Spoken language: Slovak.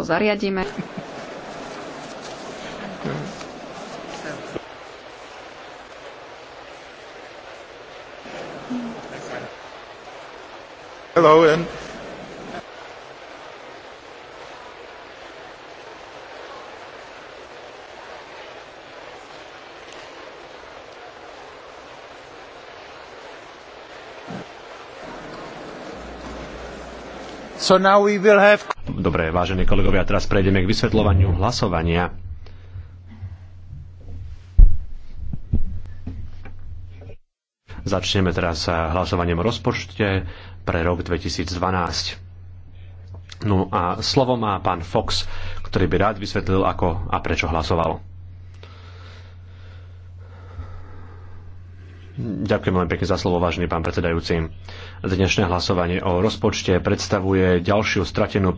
to zariadíme. Hello and So now we will have Dobre, vážení kolegovia, teraz prejdeme k vysvetľovaniu hlasovania. Začneme teraz hlasovaním o rozpočte pre rok 2012. No a slovo má pán Fox, ktorý by rád vysvetlil, ako a prečo hlasoval. Ďakujem veľmi pekne za slovo, vážený pán predsedajúci. Dnešné hlasovanie o rozpočte predstavuje ďalšiu stratenú